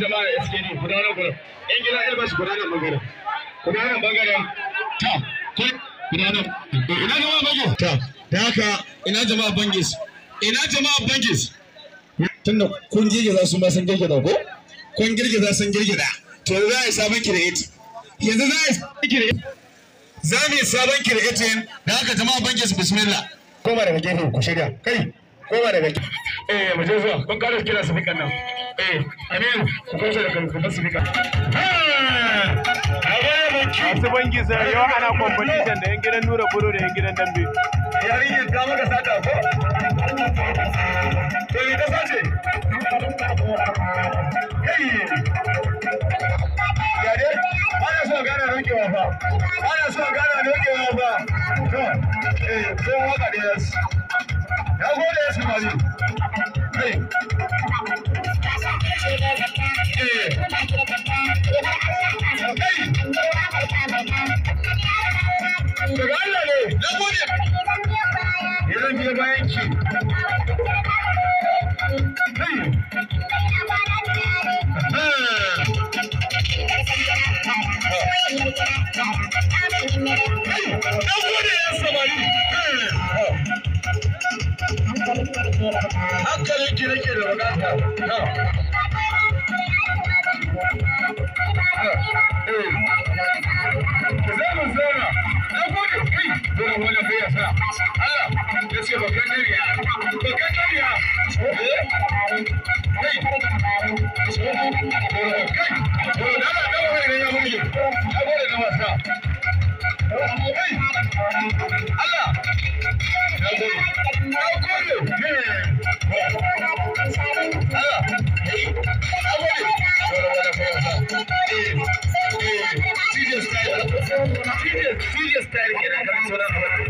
jama'a SKD guda gida Elbas ta ina jama'a bangis ta da haka ina jama'a ina jama'a tunda kun girgiza su ma san girgiza ko kun girgiza san girgiza to za a yi sabon kireti yanzu za a yi sabon kireti za mu yi sabon kireti da haka jama'a bismillah daga gefe ku shirya kai koma daga gefe eh mu je zuwa kun kara kira su nan eh amin da masu yau ana competition da yan gidan nura buru da yan gidan dambe yarinyar ka maka sata ko to ni ka sace kai yare ana so gana rokewa fa ana so gana to eh ko waka da yas ya gode yasu mali biyo bayan ki hankalin ki nake da bukata Zama ta ce babban dariya babban dariya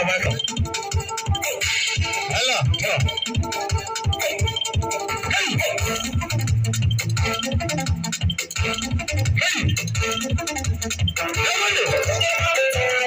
bàbá hálà